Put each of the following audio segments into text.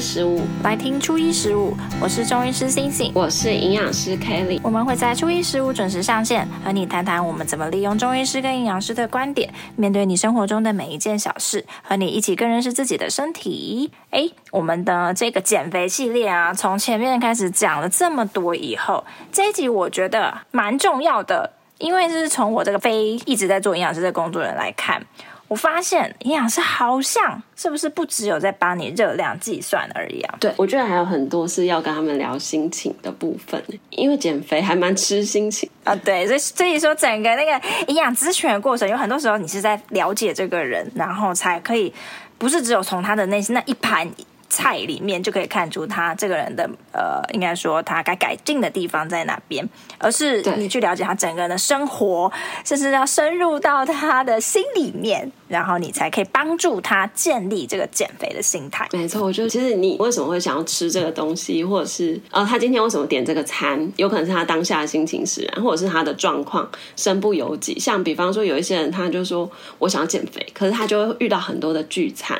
十五來聽初一十五，我是中醫師星星，我是營養師 Kelly，我們會在初一十五準時上線，和你談談我們怎麼利用中醫師跟營養師的觀點，面對你生活中的每一件小事，和你一起更認識自己的身體。哎，我們的這個減肥系列啊，從前面開始講了這麼多以後，這一集我覺得蠻重要的，因為就是從我這個非一直在做營養師的工作人來看。我發現營養師好像是不是不只有在幫你熱量計算而已啊？對，我覺得還有很多是要跟他們聊心情的部分，因為減肥還蠻吃心情啊。對，所以所以說整個那個營養諮詢的過程，有很多時候你是在了解這個人，然後才可以，不是只有從他的內心那一盤菜裡面就可以看出他這個人的呃，應該說他該改進的地方在哪邊，而是你去了解他整個人的生活，對甚至要深入到他的心裡面，然後你才可以幫助他建立這個減肥的心態。沒錯，我覺得其實你為什麼會想要吃這個東西，或者是呃，他今天為什麼點這個餐，有可能是他當下的心情使然，或者是他的狀況身不由己。像比方說，有一些人他就說我想要減肥，可是他就會遇到很多的聚餐。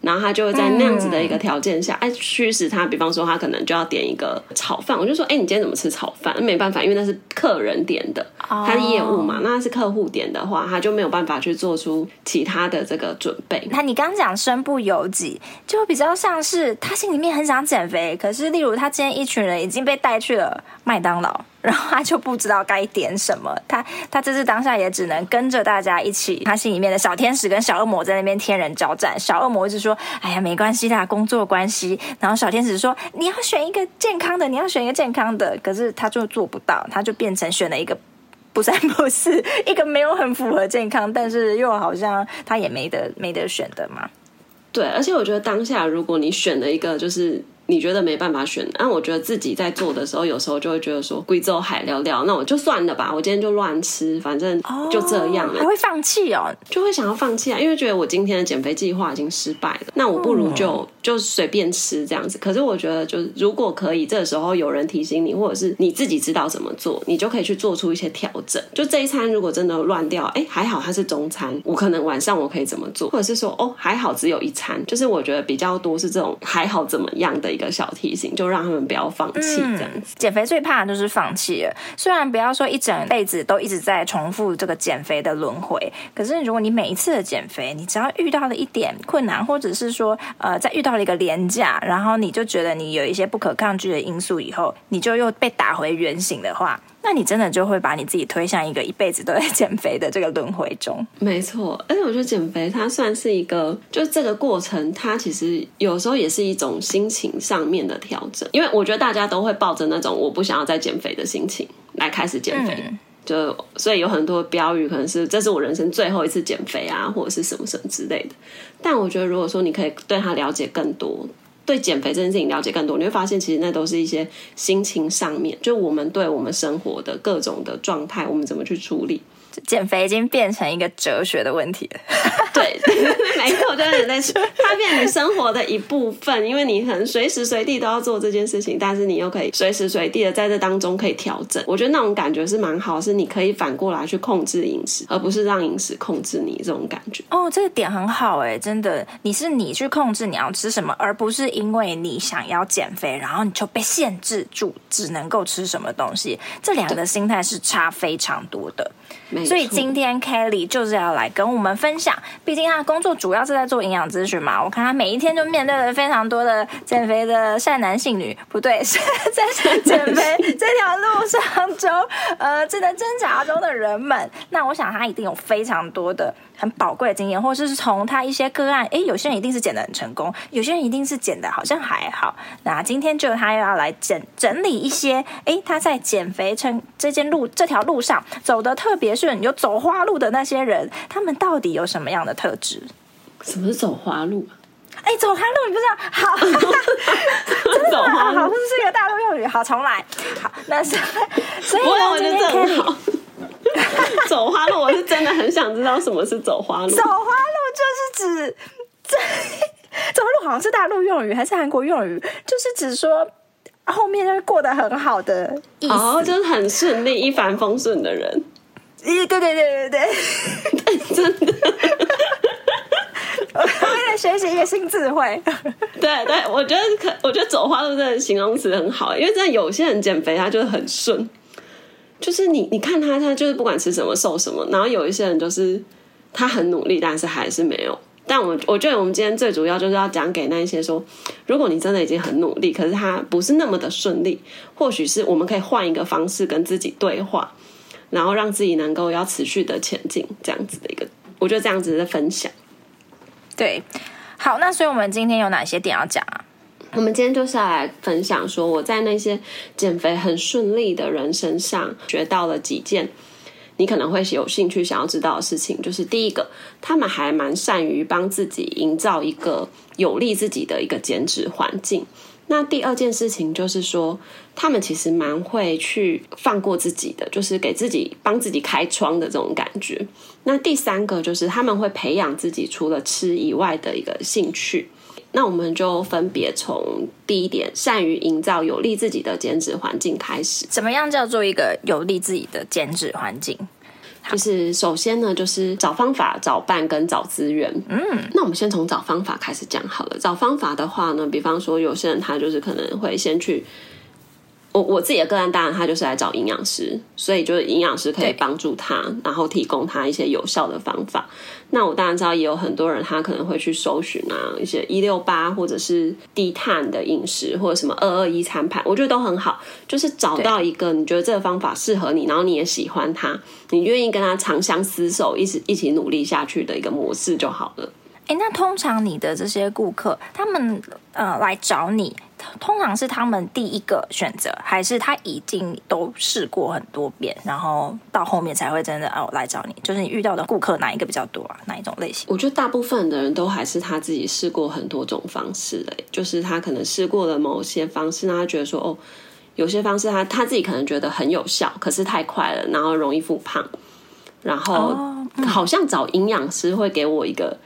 然後他就會在那樣子的一個條件下，哎、嗯，驅使他，比方說他可能就要點一個炒飯，我就說，哎，你今天怎麼吃炒飯？那沒辦法，因為那是客人點的，他、哦、是業務嘛。那是客戶點的話，他就沒有辦法去做出其他的這個準備。那、啊、你剛講身不由己，就比較像是他心裡面很想減肥，可是例如他今天一群人已經被帶去了麥當勞。然後他就不知道該點什麼，他他這次當下也只能跟着大家一起，他心裡面的小天使跟小惡魔在那邊天人交戰，小惡魔一直說：“哎呀，沒關係啦，工作關係。”然後小天使說：“你要選一個健康的，你要選一個健康的。”可是他就做不到，他就變成選了一個不三不四，一個沒有很符合健康，但是又好像他也沒得沒得選的嘛。對，而且我覺得當下如果你選了一個就是。你覺得沒辦法選，那、啊、我覺得自己在做的時候，有時候就會覺得說貴州海料料，那我就算了吧，我今天就亂吃，反正就這樣我、哦、會放棄哦，就會想要放棄啊，因為覺得我今天的減肥計劃已經失敗了，那我不如就就隨便吃這樣子。可是我覺得就，就如果可以，這個、時候有人提醒你，或者是你自己知道怎麼做，你就可以去做出一些調整。就這一餐如果真的亂掉，哎、欸，還好它是中餐，我可能晚上我可以怎麼做，或者是說哦，還好只有一餐，就是我覺得比較多是這種還好怎麼樣的。一個小提醒，就讓他們不要放棄這樣子。嗯，減肥最怕的就是放棄了。雖然不要說一整輩子都一直在重複這個減肥的輪迴，可是如果你每一次的減肥，你只要遇到了一點困難，或者是說，呃，在遇到了一個廉價，然後你就覺得你有一些不可抗拒的因素以後，你就又被打回原形的話。那你真的就會把你自己推向一個一輩子都在減肥的這個輪回中。沒錯，而且我覺得減肥它算是一個，就是這個過程，它其實有時候也是一種心情上面的調整。因為我覺得大家都會抱着那種我不想要再減肥的心情來開始減肥，嗯、就所以有很多標語可能是這是我人生最後一次減肥啊，或者是什麼什麼之類的。但我覺得如果說你可以對他了解更多，對減肥這件事情了解更多，你會發現其實那都是一些心情上面，就我們對我們生活的各種的狀態，我們怎麼去處理。減肥已經變成一個哲學的問題了。 對，沒錯，我都在在說，它變成你生活的一部分，因為你很隨時隨地都要做這件事情，但是你又可以隨時隨地的在這當中可以調整。我覺得那種感覺是蠻好，是你可以反過來去控制飲食，而不是讓飲食控制你這種感覺。哦，這個點很好哎、欸，真的，你是你去控制你要吃什麼，而不是因為你想要減肥，然後你就被限制住，只能夠吃什麼東西。這兩個心態是差非常多的。所以今天 Kelly 就是要來跟我們分享，畢竟他工作主要是在做營養諮詢嘛。我看他每一天就面對了非常多的減肥的善男信女，不對，是在減肥這條路上中，呃，正在掙扎中的人們。那我想他一定有非常多的很寶貴的經驗，或者是從他一些個案，哎，有些人一定是減的很成功，有些人一定是減的好像還好。那今天就他又要來整整理一些，哎，他在減肥這這間路這條路上走的特別順。有走花路的那些人，他們到底有什麼樣的特質？什麼是走花路、啊？哎、欸，走花路你不知道？好， 走花路好，是不是大陸用語。好，重來。好，那是，所以，我就正好。Kelly, 走花路，我是真的很想知道什麼是走花路。 走花路就是指這走路，好像是大陸用語還是韓國用語？就是指說後面就是過得很好的意思，oh, 就是很順利、一帆風順的人。對對對對對， 對，真的， 我們在學習一個新詞彙。 對對，我覺得可我覺得走花路這形容詞很好，因為真的有些人減肥，他就是很順，就是你你看他他就是不管吃什麼瘦什麼，然後有一些人就是他很努力，但是還是沒有。但我我覺得我們今天最主要就是要講給那一些說，如果你真的已經很努力，可是他不是那麼的順利，或許是我們可以換一個方式跟自己對話。然後讓自己能夠要持續的前進，這樣子的一個，我覺得這樣子的分享，對，好，那所以我們今天有哪些點要講啊？我們今天就是要來分享說，我在那些減肥很順利的人身上學到了幾件你可能會有興趣想要知道的事情，就是第一個，他們還蠻善於幫自己營造一個有利自己的一個減脂環境。那第二件事情就是說，他們其實蠻會去放過自己的，就是給自己幫自己開窗的這種感覺。那第三個就是他們會培養自己除了吃以外的一個興趣。那我們就分別從第一點，善於營造有利自己的減脂環境開始。怎麼樣叫做一個有利自己的減脂環境？就是首先呢，就是找方法、找伴跟找資源。嗯，那我們先從找方法開始講好了。找方法的話呢，比方說有些人他就是可能會先去。我我自己的個案，當然他就是來找營養師，所以就是營養師可以幫助他，對然後提供他一些有效的方法。那我當然知道，也有很多人他可能會去搜尋啊，一些一六八或者是低碳的飲食，或者什麼二二一餐盤，我覺得都很好。就是找到一個你覺得這個方法適合你，對然後你也喜歡它，你願意跟他長相廝守，一直一起努力下去的一個模式就好了。哎，那通常你的這些顧客，他們呃來找你，通常是他們第一個選擇，還是他已經都試過很多遍，然後到後面才會真的哦來找你？就是你遇到的顧客哪一個比較多啊？哪一種類型？我覺得大部分的人都還是他自己試過很多種方式的，就是他可能試過了某些方式，那他覺得說哦，有些方式他他自己可能覺得很有效，可是太快了，然後容易復胖，然後好像找營養師會給我一個。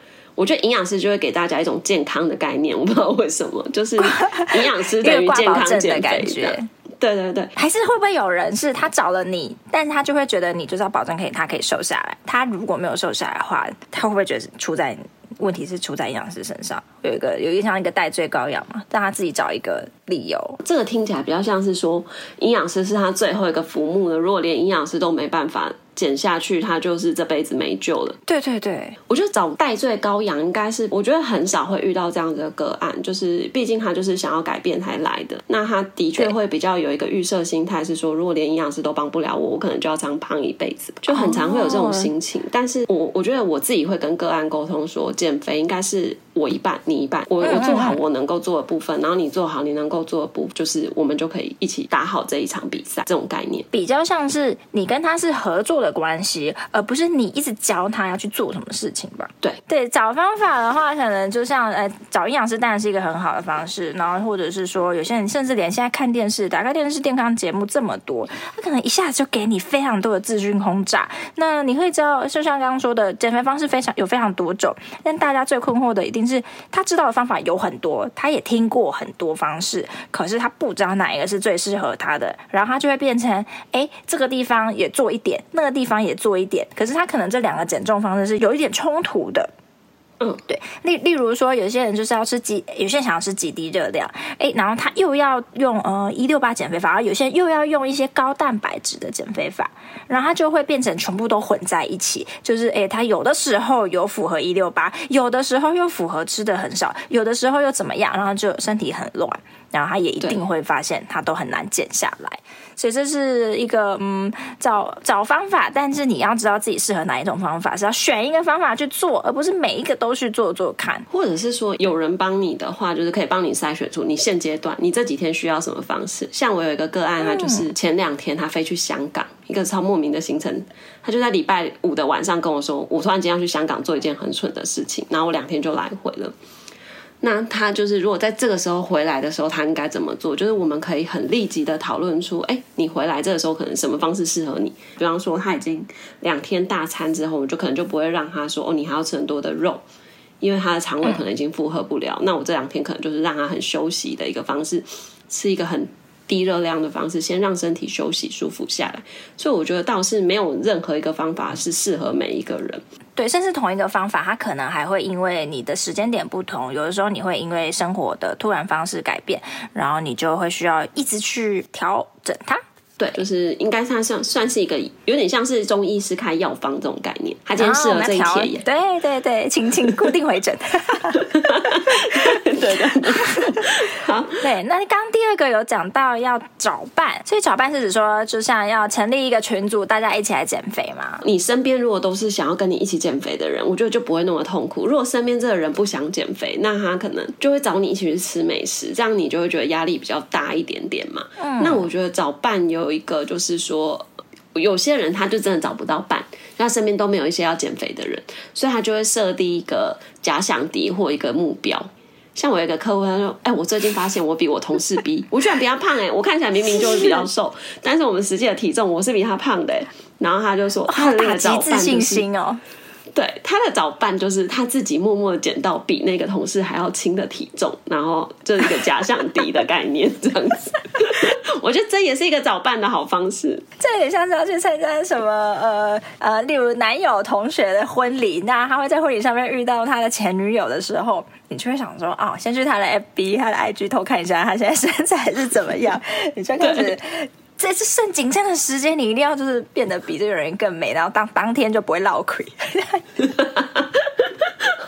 我覺得營養師就會給大家一種健康的概念，我不知道為什麼，就是營養師對於健、健康的感覺，對對對。還是會不會有人是他找了你，但是他就會覺得你就是要保證可以他可以瘦下來，他如果沒有瘦下來的話，他會不會覺得出在，問題是出在營養師身上？有一個有一像一個代罪羔羊嘛，讓他自己找一個理由。這個聽起來比較像是說，營養師是他最後一個浮木了，如果連營養師都沒辦法減下去，他就是這輩子沒救了。對對對，我覺得找代罪羔羊應該是，我覺得很少會遇到這樣的個案，就是畢竟他就是想要改變才來的。那他的確會比較有一個預設心態，是說對如果連營養師都幫不了我，我可能就要這樣胖一輩子，就很常會有這種心情。Oh，但是我，我我覺得我自己會跟個案溝通說，減肥應該是我一半，你一半。我我做好我能夠做的部分，然後你做好你能夠做的部分，就是我們就可以一起打好這一場比賽。這種概念比較像是你跟他是合作的，的關係，而不是你一直教他要去做什麼事情吧。對對，找方法的話，可能就像呃、欸，找營養師當然是一個很好的方式。然後，或者是說，有些人甚至連現在看電視，打開電視健康節目這麼多，他可能一下子就給你非常多的資訊轟炸。那你會知道，就像剛剛說的，減肥方式非常有非常多種，但大家最困惑的一定是，他知道的方法有很多，他也聽過很多方式，可是他不知道哪一個是最適合他的，然後他就會變成，哎、欸，這個地方也做一點，那個。地方也做一點，可是他可能這兩個減重方式是有一點衝突的。嗯，對。例例如說，有些人就是要吃幾，有些人想要吃幾滴熱量，誒、欸，然後他又要用呃一六八減肥法，而有些人又要用一些高蛋白質的減肥法，然後他就會變成全部都混在一起。就是誒、欸，他有的時候有符合一六八，有的時候又符合吃得很少，有的時候又怎麼樣，然後就身體很亂。然後他也一定會發現，他都很難減下來，對所以這是一個嗯，找找方法，但是你要知道自己適合哪一種方法，是要選一個方法去做，而不是每一個都去做做看。或者是說，有人幫你的話，就是可以幫你篩選出你現階段你這幾天需要什麼方式。像我有一個個案啊，就是前兩天他飛去香港，嗯、一個超莫名的行程，他就在禮拜五的晚上跟我說，我突然間要去香港做一件很蠢的事情，然後我兩天就來回了。那他就是，如果在這個時候回來的時候，他應該怎麼做？就是我們可以很立即的討論出，哎、欸，你回來這個時候可能什麼方式適合你？比方說，他已經兩天大餐之後，我就可能就不會讓他說，哦，你還要吃很多的肉，因為他的腸胃可能已經負荷不了。嗯、那我這兩天可能就是讓他很休息的一個方式，吃一個很。低熱量的方式，先讓身體休息舒服下來。所以我覺得倒是沒有任何一個方法是適合每一個人。對，甚至同一個方法，它可能還會因為你的時間點不同，有的時候你會因為生活的突然方式改變，然後你就會需要一直去調整它。對，就是應該像算，算是一個有點像是中醫師開藥方這種概念，它今天適合這一天。對對對，請請固定回診。 對的，好，對， 好對，那你剛剛第二個有講到要找伴，所以找伴是指說，就像要成立一個群組，大家一起來減肥嘛。你身邊如果都是想要跟你一起減肥的人，我覺得就不會那麼痛苦。如果身邊這個人不想減肥，那他可能就會找你一起去吃美食，這樣你就會覺得壓力比較大一點點嘛。嗯，那我覺得找伴有一個就是說，有些人他就真的找不到伴，那身邊都沒有一些要減肥的人，所以他就會設定一個假想敵或一個目標。像我有一個客戶，他說：“哎、欸，我最近發現我比我同事比， 我居然比較胖、欸，哎，我看起來明明就是比較瘦，是是但是我們實際的體重我是比他胖的、欸。”然後他就說：“打擊自信心哦。”對，他的找伴就是他自己默默的減到比那個同事還要輕的體重，然後這是一個假想敵的概念 這樣子。我覺得這也是一個找伴的好方式。這也像是要去參加什麼呃、呃，例如男友同學的婚禮，那他會在婚禮上面遇到他的前女友的時候，你就會想說啊、哦，先去他的 FB、他的 IG 偷看一下他現在身材是怎麼樣， 你就開始。這次盛景這段時間，你一定要就是變得比這個人更美，然後當當天就不會落虧哈哈哈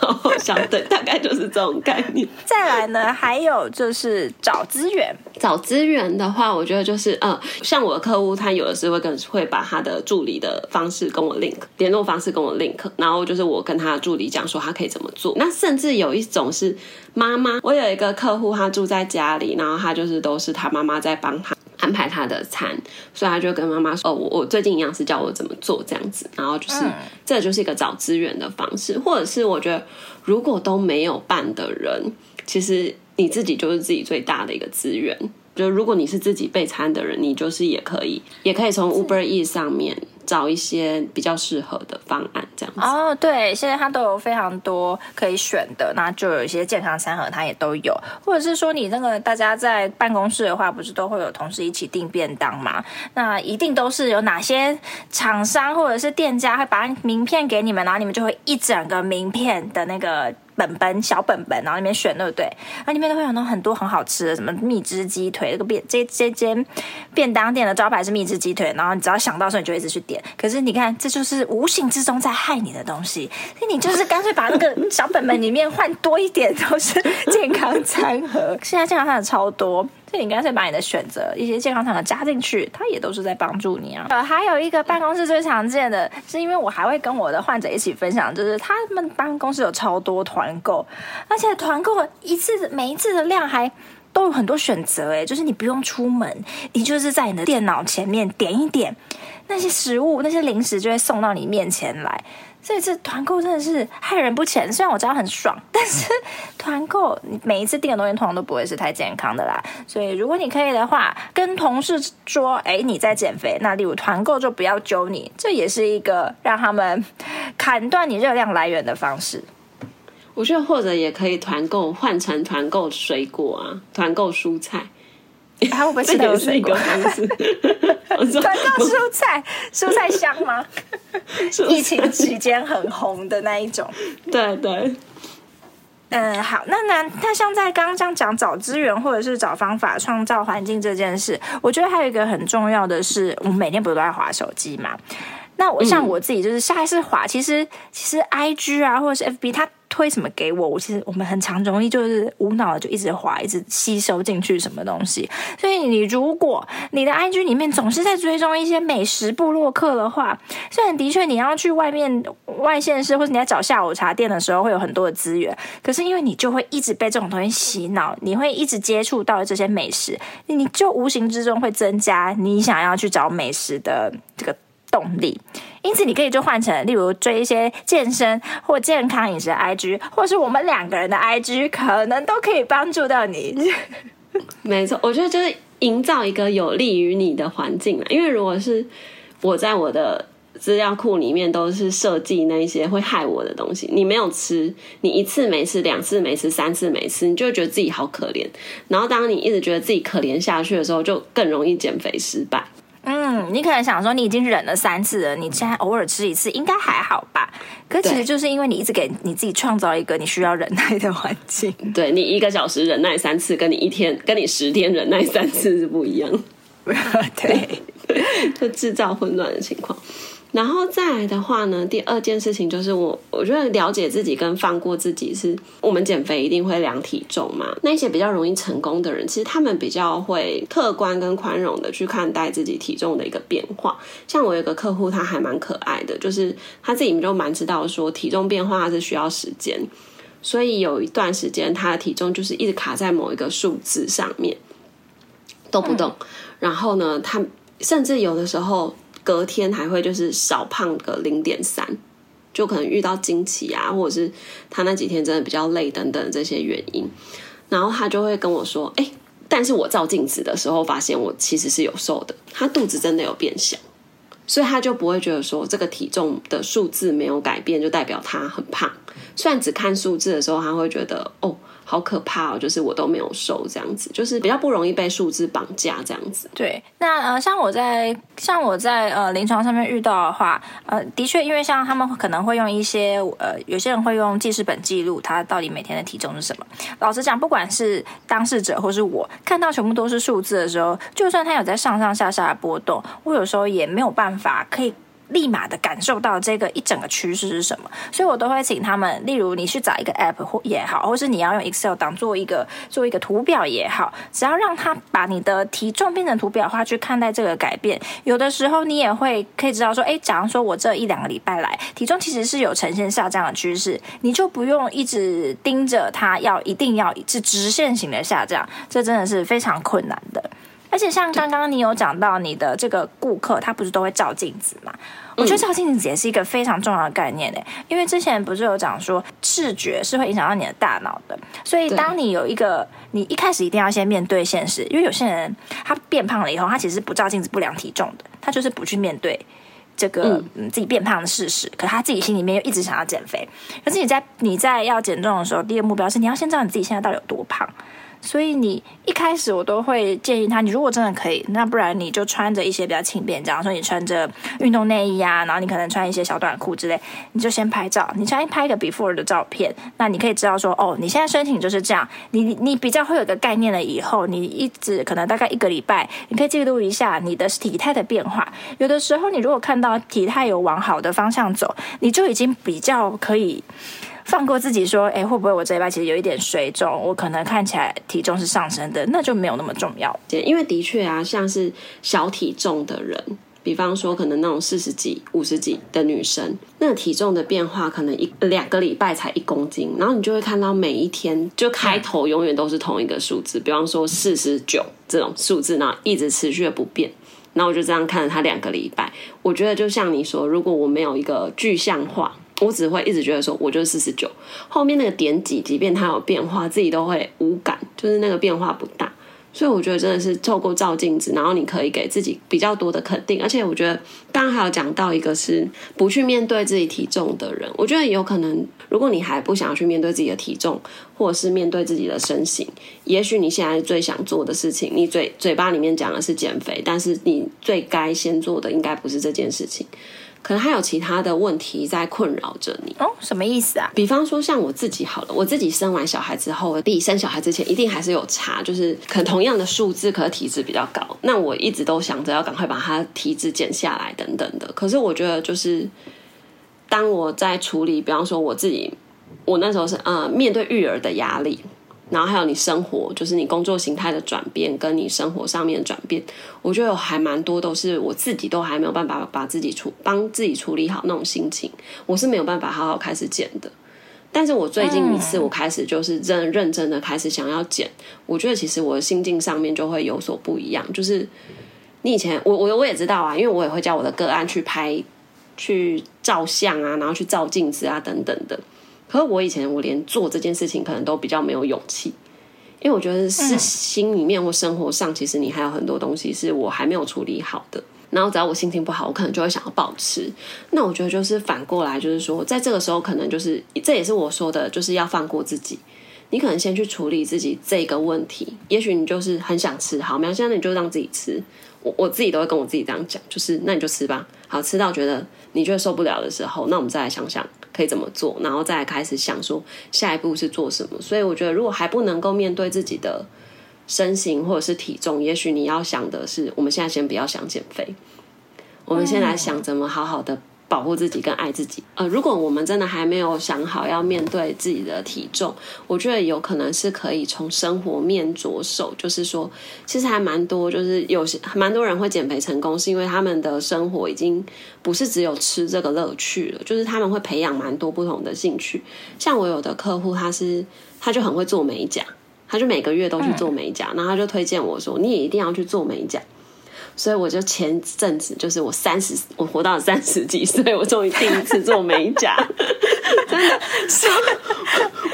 好，相對大概就是這種概念。再來呢，還有就是找資源。找資源的話，我覺得就是嗯、呃，像我的客戶，他有的時候會跟會把他的助理的方式跟我 link 聯絡方式跟我 link，然後就是我跟他的助理講說他可以怎麼做。那甚至有一種是媽媽，我有一個客戶，他住在家裡，然後他就是都是他媽媽在幫他。安排他的餐，所以他就跟媽媽說：“哦，我我最近營養師教我怎麼做這樣子，然後就是、嗯、這就是一個找資源的方式，或者是我覺得如果都沒有辦的人，其實你自己就是自己最大的一個資源。就如果你是自己備餐的人，你就是也可以，也可以從 Uber Eats 是上面。”找一些比較適合的方案，這樣子哦。Oh, 對，現在它都有非常多可以選的，那就有一些健康餐盒，它也都有，或者是說你那個大家在辦公室的話，不是都會有同事一起訂便當嗎？那一定都是有哪些廠商或者是店家會把名片給你們，然後你們就會一整個名片的那個。本本小本本，然後裡面選對不對？然後，啊，裡面都會有很多很好吃的，什麼蜜汁雞腿，這個便這這間便當店的招牌是蜜汁雞腿。然後你只要想到的時候，你就一直去點。可是你看，這就是無形之中在害你的東西。那你就是乾脆把那個小本本裡面換多一點，都是健康餐盒。現在健康餐有超多。所以你乾脆把你的選擇一些健康場的加進去，它也都是在幫助你啊。呃，還有一個辦公室最常見的是，因為我還會跟我的患者一起分享，就是他們辦公室有超多團購，而且團購一次每一次的量還都有很多選擇，欸，就是你不用出門，你就是在你的電腦前面點一點，那些食物那些零食就會送到你面前來。這次團購真的是害人不淺，雖然我知道很爽，但是團購你每一次訂的東西通常都不會是太健康的啦。所以如果你可以的話，跟同事說，哎，你在減肥，那例如團購就不要揪你，這也是一個讓他們砍斷你熱量來源的方式。我覺得或者也可以團購換成團購水果啊，團購蔬菜。還會、啊、不會吃到水果是一個 說 蔬菜， 蔬菜香嗎？蔬菜 疫情期間很紅的那一種。對對。對嗯，好，那那那像在剛剛這樣講找資源或者是找方法創造環境這件事，我覺得還有一個很重要的是，我們每天不是都在滑手機嘛？那我、嗯、像我自己就是下一次滑，其實其實 I G 啊或者是 F B 它。推什麼給我？我其實我們很常容易就是無腦的就一直滑，一直吸收進去什麼東西，所以你如果你的 IG 裡面總是在追蹤一些美食部落客的話，雖然的確你要去外面外縣市或者你要找下午茶店的時候會有很多的資源，可是因為你就會一直被這種東西洗腦，你會一直接觸到這些美食，你就無形之中會增加你想要去找美食的這個動力，因此你可以就換成，例如追一些健身或健康飲食的 IG，或是我們兩個人的 IG，可能都可以幫助到你。 沒錯，我覺得就是營造一個有利於你的環境嘛。因為如果是我在我的資料庫裡面都是設計那一些會害我的東西，你沒有吃，你一次沒吃，兩次沒吃，三次沒吃，你就覺得自己好可憐。然後當你一直覺得自己可憐下去的時候，就更容易減肥失敗。嗯，你可能想說你已經忍了三次了，你現在偶爾吃一次應該還好吧？可其實就是因為你一直給你自己創造一個你需要忍耐的環境。對，你一個小時忍耐三次，跟你一天、跟你十天忍耐三次是不一樣。對，對 就製造混亂的情況。然後再來的話呢，第二件事情就是我，我覺得了解自己跟放過自己，是我們減肥一定會量體重嘛。那些比較容易成功的人，其實他們比較會客觀跟寬容的去看待自己體重的一個變化。像我有一個客戶，他還蠻可愛的，就是他自己就蠻知道說，體重變化是需要時間，所以有一段時間他的體重就是一直卡在某一個數字上面都不動。然後呢，他甚至有的時候。隔天還會就是少胖個零點三，就可能遇到經期啊，或者是他那幾天真的比較累等等這些原因，然後他就會跟我說：“哎、欸，但是我照鏡子的時候發現我其實是有瘦的，他肚子真的有變小，所以他就不會覺得說這個體重的數字沒有改變就代表他很胖。雖然只看數字的時候他會覺得哦。”好可怕哦！就是我都沒有瘦，這樣子就是比較不容易被數字綁架這樣子。對，那呃，像我在像我在呃臨床上面遇到的話，呃，的確，因為像他們可能會用一些呃，有些人會用記事本記錄他到底每天的體重是什麼。老實講，不管是當事者或是我，看到全部都是數字的時候，就算他有在上上下下的波動，我有時候也沒有辦法可以。立馬的感受到這個一整個趨勢是什麼，所以我都會請他們，例如你去找一個 app 或也好，或是你要用 Excel 當做一個做一個圖表也好，只要讓他把你的體重變成圖表化去看待這個改變，有的時候你也會可以知道說，哎，假如說我這一兩個禮拜來體重其實是有呈現下降的趨勢，你就不用一直盯着它，要一定要一直直線型的下降，這真的是非常困難的。而且像剛剛你有講到你的這個顧客，對他不是都會照鏡子嘛？嗯、我覺得照鏡子也是一個非常重要的概念誒、欸，因為之前不是有講說視覺是會影響到你的大腦的，所以當你有一個對你一開始一定要先面對現實，因為有些人他變胖了以後，他其實不照鏡子不量體重的，他就是不去面對這個、嗯嗯、自己變胖的事實，可是他自己心裡面又一直想要減肥。可是你在你在要減重的時候，第一個目標是你要先知道你自己現在到底有多胖。所以你一開始我都會建議他，你如果真的可以，那不然你就穿着一些比較輕便，假如說，你穿着運動內衣啊，然後你可能穿一些小短褲之類，你就先拍照，你先拍一個 before 的照片，那你可以知道說，哦，你現在身體就是這樣，你你比較會有個概念了。以後你一直可能大概一個禮拜，你可以記錄一下你的體態的變化。有的時候你如果看到體態有往好的方向走，你就已經比較可以。放過自己，說，哎、欸，會不會我這禮拜其實有一點水腫？我可能看起來體重是上升的，那就沒有那麼重要。因為的確啊，像是小體重的人，比方說可能那種四十幾、五十幾的女生，那體重的變化可能一兩個禮拜才一公斤，然後你就會看到每一天就開頭永遠都是同一個數字，嗯、比方說四十九這種數字呢，一直持續的不變。那我就這樣看了她兩個禮拜，我覺得就像你說，如果我沒有一個具象化。我只會一直覺得說，我就是四十九，後面那個點幾，即便它有變化，自己都會無感，就是那個變化不大。所以我覺得真的是透過照鏡子，然後你可以給自己比較多的肯定。而且我覺得，剛剛還有講到一個，是不去面對自己體重的人，我覺得有可能，如果你還不想要去面對自己的體重，或者是面對自己的身形，也許你現在最想做的事情，你嘴嘴巴裡面講的是減肥，但是你最該先做的，應該不是這件事情。可能還有其他的問題在困擾着你哦，什麼意思啊？比方說像我自己好了，我自己生完小孩之後，我自己生小孩之前一定還是有差，就是可能同樣的數字，可是體脂比較高。那我一直都想着要趕快把它體脂減下來等等的。可是我覺得就是，當我在處理，比方說我自己，我那時候是呃面對育兒的壓力。然後還有你生活，就是你工作形態的轉變，跟你生活上面的轉變，我覺得還蠻多都是我自己都還沒有辦法把自己處幫自己處理好那種心情，我是沒有辦法好好開始減的。但是我最近一次我開始就是真認，認真的開始想要減，我覺得其實我的心境上面就會有所不一樣。就是你以前我我我也知道啊，因為我也會叫我的個案去拍去照相啊，然後去照鏡子啊等等的。可是我以前，我連做這件事情可能都比較沒有勇氣，因為我覺得是心裡面或生活上，其實你還有很多東西是我還沒有處理好的。然後只要我心情不好，我可能就會想要暴吃。那我覺得就是反過來，就是說在這個時候，可能就是這也是我說的，就是要放過自己。你可能先去處理自己這個問題，也許你就是很想吃，好，沒關係，那你就讓自己吃。我我自己都會跟我自己這樣講，就是那你就吃吧，好吃到覺得你覺得受不了的時候，那我們再來想想可以怎麼做，然後再開始想說下一步是做什麼。所以我覺得，如果還不能夠面對自己的身形或者是體重，也許你要想的是，我們現在先不要想減肥，我們先來想怎麼好好的。保護自己，更愛自己。呃，如果我們真的還沒有想好要面對自己的體重，我覺得有可能是可以從生活面着手。就是說，其實還蠻多，就是有些蠻多人會減肥成功，是因為他們的生活已經不是只有吃這個樂趣了。就是他們會培養蠻多不同的興趣。像我有的客戶，他是他就很會做美甲，他就每個月都去做美甲，然後他就推薦我說：“嗯、你也一定要去做美甲。”所以我就前陣子，就是我三十，我活到三十幾歲，我終於第一次做美甲， 真的，是。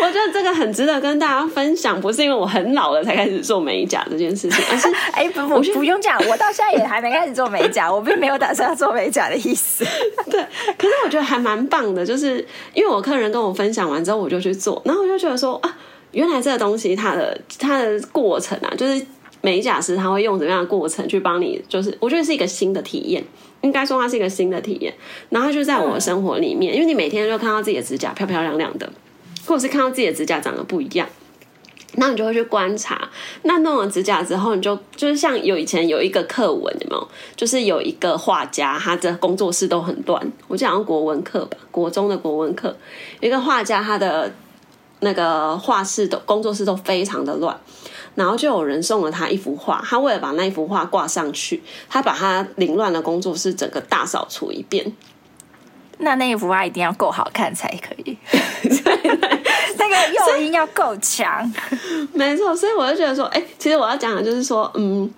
我覺得這個很值得跟大家分享。不是因為我很老了才開始做美甲這件事情，而是哎、欸，不不去不用講，我到現在也還沒開始做美甲， 我並沒有打算要做美甲的意思。對，可是我覺得還蠻棒的，就是因為我客人跟我分享完之後，我就去做，然後我就覺得說啊，原來這個東西它的它的過程啊，就是。美甲師他會用怎麼樣的過程去幫你？就是我覺得是一個新的體驗，應該說它是一個新的體驗。然後就在我的生活裡面，因為你每天就看到自己的指甲漂漂亮亮的，或者是看到自己的指甲長得不一樣，那你就會去觀察。那弄完指甲之後，你就就是像有以前有一個課文，有沒有？就是有一個畫家，他的工作室都很亂。我記得好像國文課吧，國中的國文課，一個畫家他的那個畫室的工作室都非常的亂。然後就有人送了他一幅畫，他為了把那一幅畫掛上去，他把他凌亂的工作室整個大掃除一遍。那那一幅畫一定要夠好看才可以，那個誘因要夠強，沒錯。所以我就覺得說，欸，其實我要講的就是說，嗯。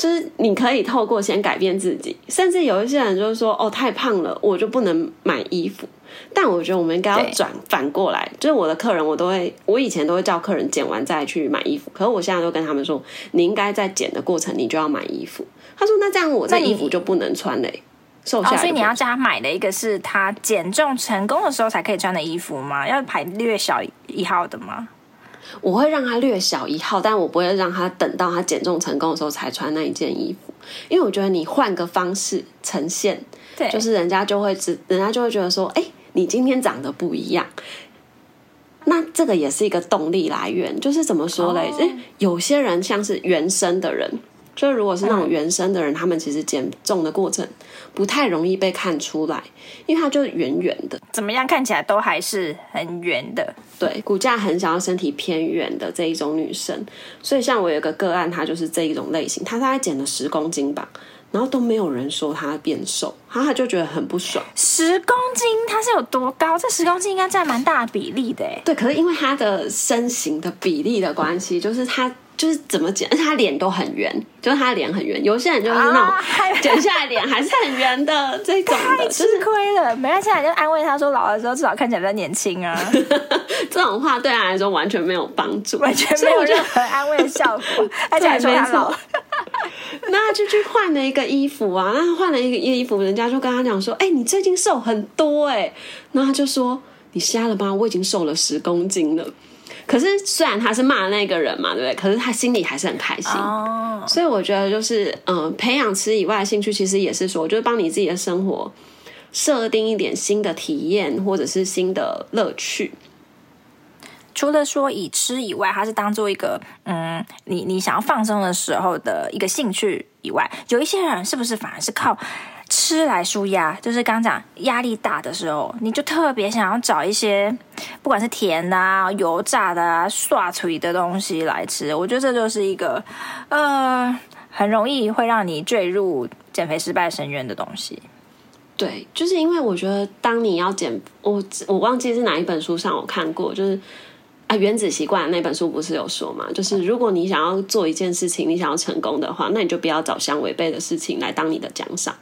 就是你可以透過先改變自己，甚至有一些人就是說，哦，太胖了，我就不能買衣服。但我覺得我們應該要轉反對過來，就是我的客人，我都會，我以前都會叫客人減完再去買衣服，可是我現在都跟他們說，你應該在減的過程，你就要買衣服。他說，那這樣我的衣服就不能穿嘞，你瘦下來，哦。所以你要叫他買的一個是他減重成功的時候才可以穿的衣服嗎？要排略小一號的嗎？我會讓他略小一號，但我不會讓他等到他減重成功的時候才穿那一件衣服，因為我覺得你換個方式呈現，對，就是人家就會知，人家就會覺得說，哎，你今天長得不一樣，那這個也是一個動力來源，就是怎麼說嘞？Oh。誒，有些人像是原生的人。就是如果是那種原生的人，啊、他們其實減重的過程不太容易被看出來，因為他就圓圓的，怎麼樣看起來都還是很圓的。對，骨架很小，身體偏圓的這一種女生。所以像我有一個個案，她就是這一種類型，她大概減了十公斤吧，然後都沒有人說她變瘦，然後她就覺得很不爽。十公斤，她是有多高？這十公斤應該佔蠻大的比例的。對，可是因為她的身形的比例的關係，就是她。就是怎麼剪，他臉都很圓，就是他臉很圓。有些人就是那種，剪下來臉還是很圓的這種的，太吃虧了。沒事，現在就安慰他說，老的時候至少看起來比較年輕啊。 這種話對他來說完全沒有幫助，完全沒有任何安慰的效果。而且 沒錯錯，那 就去換了一個衣服啊。那換了一個衣服，人家就跟他講說：“哎、欸，你最近瘦很多哎、欸。”然後他就說：“你瞎了嗎？我已經瘦了十公斤了。”可是，雖然他是罵那個人嘛，對不對？可是他心裡還是很開心。哦，oh. 所以我覺得就是，嗯、呃，培養吃以外的興趣，其實也是說，就是幫你自己的生活設定一點新的體驗，或者是新的樂趣。除了說以吃以外，他是當做一個，嗯，你你想要放鬆的時候的一個興趣以外，有一些人是不是反而是靠？吃來舒壓，就是剛講壓力大的時候，你就特別想要找一些不管是甜的，啊，油炸的，啊，涮嘴的東西來吃。我覺得這就是一個，呃，很容易會讓你墜入減肥失敗深淵的東西。對，就是因為我覺得，當你要減，我我忘記是哪一本書上我看過，就是啊，《原子習慣》那本書不是有說嘛，就是如果你想要做一件事情，你想要成功的話，那你就不要找相違背的事情來當你的獎賞。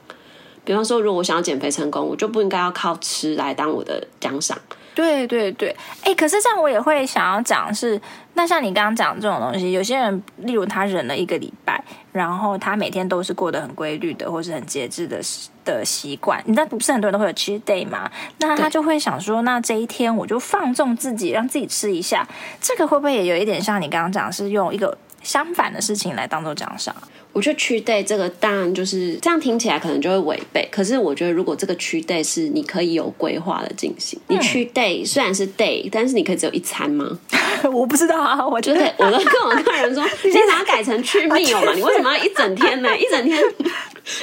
比方說，如果我想要減肥成功，我就不應該要靠吃來當我的獎賞。對對對，哎、欸，可是這樣我也會想要講是，那像你剛剛講的這種東西，有些人，例如他忍了一個禮拜，然後他每天都是過得很規律的，或是很節制的的習慣。你知道不是很多人都會有 cheat day 嗎？那他就會想說，對那這一天我就放縱自己，讓自己吃一下，這個會不會也有一點像你剛剛講是用一個相反的事情來當做獎賞？我覺得去 day 這個當然就是這樣，聽起來可能就會違背，可是我覺得如果這個去 day 是你可以有規劃的進行，你去 day 雖然是 day，但是你可以只有一餐嗎？ 我不知道啊，我覺得我都跟我客人說，你把它改成去 meal 嘛 你為什麼要一整天呢？一整天。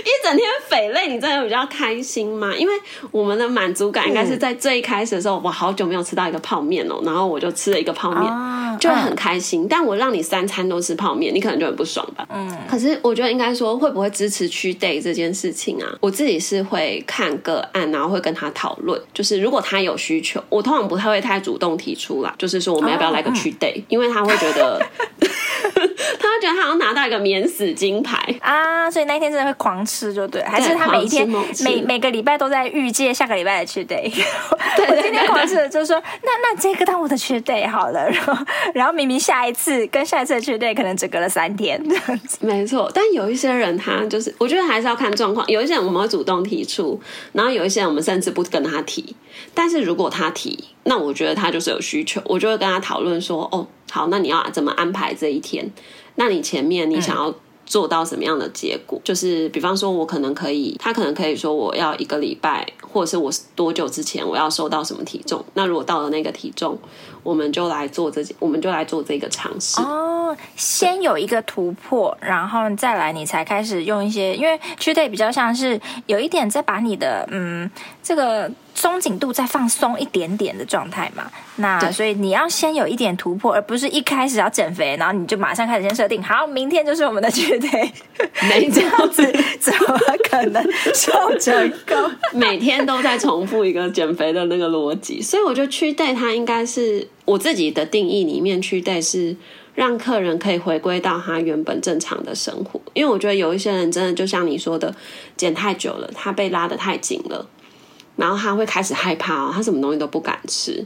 一整天匪類，你真的有比較開心嗎？因為我們的滿足感應該是在最一開始的時候，嗯、我好久沒有吃到一個泡麵哦、喔，然後我就吃了一個泡麵，啊、就很開心。嗯、但我讓你三餐都吃泡麵，你可能就很不爽吧。嗯。可是我覺得應該說，會不會支持 cheat day 這件事情啊？我自己是會看個案，然後會跟他討論，就是如果他有需求，我通常不太會太主動提出啦，就是說我們要不要來個 cheat day，、嗯、因為他會覺得、嗯。 他覺得他好像拿到一個免死金牌啊，所以那天真的會狂吃，就對。還是他每一天吃吃每每個禮拜都在預借下個禮拜的缺 day。我今天狂吃了，就是說，那那這個當我的缺 day 好了。然後，然後明明下一次跟下一次的缺 day 可能只隔了三天。 沒錯，但有一些人他就是，我覺得還是要看狀況。有一些人我們會主動提出，然後有一些人我們甚至不跟他提。但是如果他提，那我覺得他就是有需求，我就會跟他討論說，哦。好，那你要怎麼安排這一天？那你前面你想要做到什麼樣的結果？嗯、就是，比方說，我可能可以，他可能可以說，我要一個禮拜，或者是我多久之前我要瘦到什麼體重？那如果到了那個體重，我們就來做這，我們就來做這個嘗試哦。先有一個突破，對然後再來，你才開始用一些，因為祛痘比較像是有一點在把你的嗯這個鬆緊度再放鬆一點點的狀態嘛。那對所以你要先有一點突破，而不是一開始要減肥，然後你就馬上開始先設定好，明天就是我們的祛痘。沒這樣子， 怎麼可能瘦成功？每天都在重複一個減肥的那個邏輯，所以我覺得祛痘它應該是。我自己的定義裡面，去帶是讓客人可以回歸到他原本正常的生活，因為我覺得有一些人真的就像你說的，剪太久了，他被拉得太緊了，然後他會開始害怕，他什麼東西都不敢吃。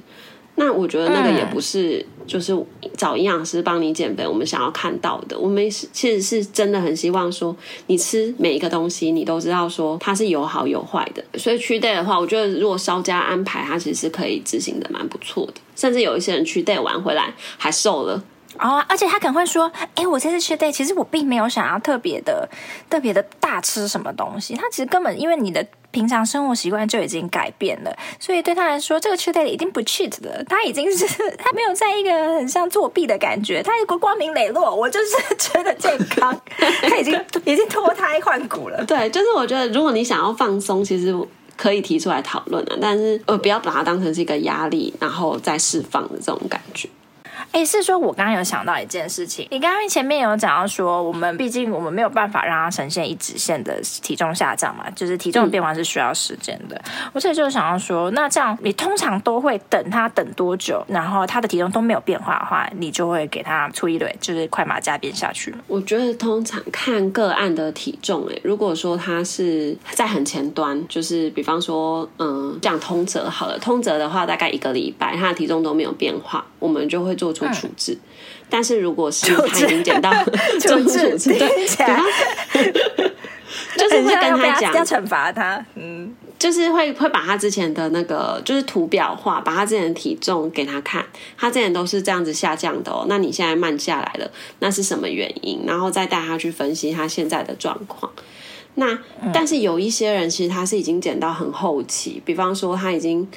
那我覺得那個也不是，就是找營養師幫你減肥。我們想要看到的，我們其實是真的很希望說，你吃每一個東西，你都知道說它是有好有壞的。所以去帶的話，我覺得如果稍加安排，它其實是可以執行的蠻不錯的。甚至有一些人去帶玩回來還瘦了。哦，oh, 而且他可能會說：“哎、欸，我這次 c h day，其實我並沒有想要特別的、特別的大吃什麼東西。他其實根本因為你的平常生活習慣就已經改變了，所以對他來說，這個缺 h day 已經不 cheat 了。他已經是他沒有在一個很像作弊的感覺，他一個光明磊落。我就是覺得健康， 他已經已經脫胎換骨了。 對，就是我覺得如果你想要放鬆，其實可以提出來討論了，但是呃，不要把它當成是一個壓力，然後再釋放的這種感覺。”哎，是說我剛剛有想到一件事情。你剛剛前面有講到說，我們畢竟我們沒有辦法讓它呈現一直線的體重下降嘛，就是體重的變化是需要時間的。嗯、我所以就想要說，那這樣你通常都會等它等多久？然後它的體重都沒有變化的話，你就會給它出一輪，就是快馬加鞭下去。我覺得通常看個案的體重、欸，誒，如果說它是在很前端，就是比方說，嗯，這樣通則好了，通則的話，大概一個禮拜它的體重都沒有變化，我們就會做。做出處置，嗯、但是如果是置他已經減到，重處置對，嗯、他 就是會跟他講要懲罰他，他，嗯，就是會會把他之前的那個就是圖表化，把他之前的體重給他看，他之前都是這樣子下降的哦，那你現在慢下來了，那是什麼原因？然後再帶他去分析他現在的狀況。那、嗯、但是有一些人其實他是已經減到很後期，比方說他已經。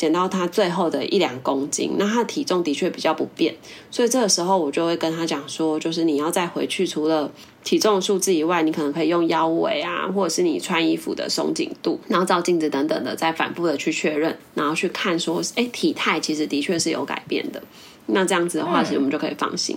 減到他最後的一兩公斤，那他的體重的確比較不變，所以這個時候我就會跟他講說，就是你要再回去，除了體重數字以外，你可能可以用腰圍啊，或者是你穿衣服的鬆緊度，然後照鏡子等等的，再反覆的去確認，然後去看說，哎，體態其實的確是有改變的，那這樣子的話，其實我們就可以放心。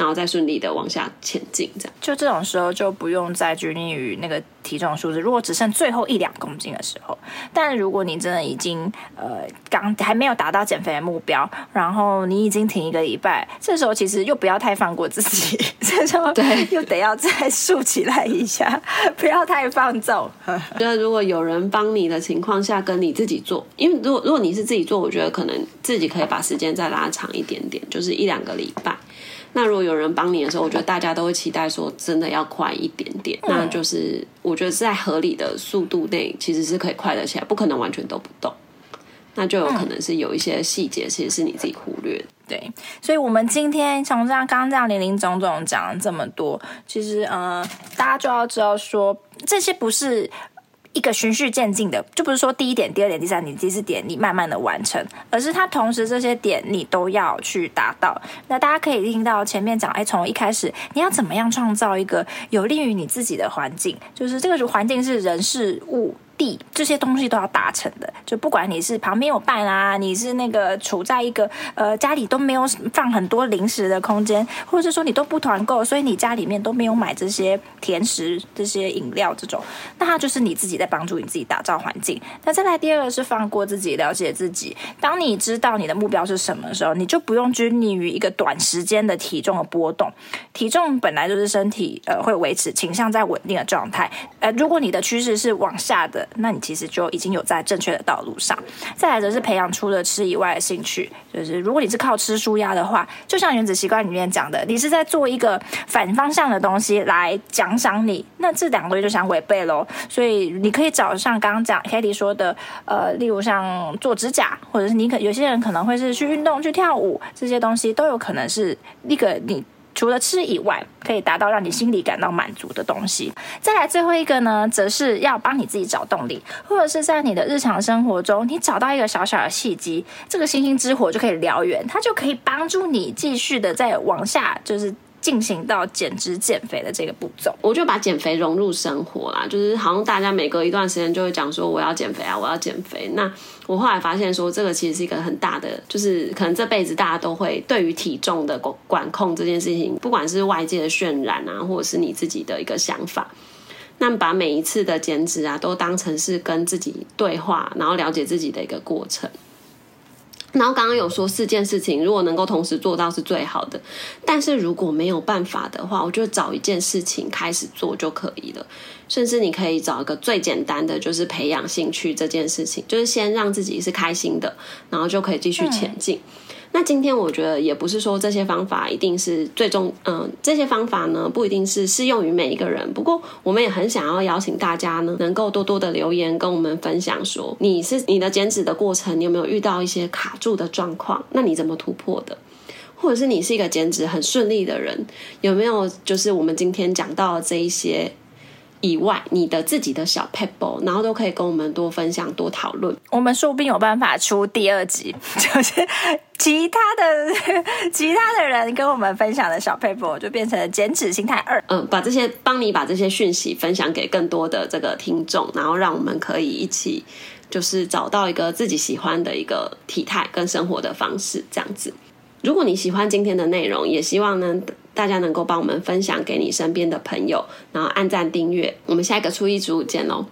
然後再順利的往下前進，這樣就這種時候就不用再拘泥於那個體重數字。如果只剩最後一兩公斤的時候，但如果你真的已經呃剛還沒有達到減肥的目標，然後你已經停一個禮拜，這時候其實又不要太放過自己。這時候又得要再豎起來一下，對 不要太放縱。 我覺得如果有人幫你的情況下，跟你自己做，因為如果如果你是自己做，我覺得可能自己可以把時間再拉長一點點，就是一兩個禮拜。那如果有人幫你的時候，我覺得大家都會期待說，真的要快一點點。嗯、那就是我覺得在合理的速度內，其實是可以快得起來，不可能完全都不動。那就有可能是有一些細節，其實是你自己忽略，嗯。對，所以我們今天從這樣剛剛這樣林林總總講了這麼多，其實呃，大家就要知道說，這些不是。一個循序漸進的，就不是說第一點、第二點、第三點、第四點，你慢慢的完成，而是它同時這些點你都要去達到。那大家可以聽到前面講，哎，從一開始你要怎麼樣創造一個有利於你自己的環境，就是這個環境是人事物。這些東西都要達成的，就不管你是旁邊有伴啊，你是那個處在一個呃家裡都沒有放很多零食的空間，或者是說你都不團購，所以你家裡面都沒有買這些甜食、這些飲料這種，那它就是你自己在幫助你自己打造環境。那再來第二個是放過自己、了解自己。當你知道你的目標是什麼的時候，你就不用拘泥於一個短時間的體重的波動。體重本來就是身體呃會維持傾向在穩定的狀態，呃如果你的趨勢是往下的。那你其實就已經有在正確的道路上。再來則是培養除了吃以外的興趣，就是如果你是靠吃舒壓的話，就像原子習慣裡面講的，你是在做一個反方向的東西來獎賞你，那這兩個月就相違背嘍。所以你可以找像剛剛講 Katie 說的，呃，例如像做指甲，或者是你可有些人可能會是去運動、去跳舞這些東西，都有可能是一個你，除了吃以外，可以達到讓你心裡感到滿足的東西。再來最後一個呢，則是要幫你自己找動力，或者是在你的日常生活中，你找到一個小小的契機，這個星星之火就可以燎原，它就可以幫助你繼續的再往下，就是進行到減脂減肥的這個步驟。我就把減肥融入生活啦，就是好像大家每隔一段時間就會講說我要減肥啊，我要減肥。那我後來發現說，說這個其實是一個很大的，就是可能這輩子大家都會對於體重的管管控這件事情，不管是外界的渲染啊，或者是你自己的一個想法，那把每一次的減脂啊，都當成是跟自己對話，然後了解自己的一個過程。然後剛剛有說四件事情，如果能夠同時做到是最好的，但是如果沒有辦法的話，我就找一件事情開始做就可以了。甚至你可以找一個最簡單的，就是培養興趣這件事情，就是先讓自己是開心的，然後就可以繼續前進。嗯那今天我覺得也不是說這些方法一定是最終嗯、呃，這些方法呢，不一定是適用於每一個人。不過我們也很想要邀請大家呢，能夠多多的留言跟我們分享說，說你是你的減脂的過程，你有沒有遇到一些卡住的狀況？那你怎麼突破的？或者是你是一個減脂很順利的人，有沒有就是我們今天講到這一些？以外，你的自己的小撇步，然後都可以跟我們多分享，多討論。我們說不定有辦法出第二集，就是其他的其他的人跟我們分享的小撇步，就變成減脂心態二。嗯，把這些幫你把這些訊息分享給更多的這個聽眾，然後讓我們可以一起，就是找到一個自己喜歡的一個體態跟生活的方式這樣子。如果你喜歡今天的內容，也希望呢。大家能夠幫我們分享給你身邊的朋友，然後按贊訂閱，我們下一個初一十五見嘍。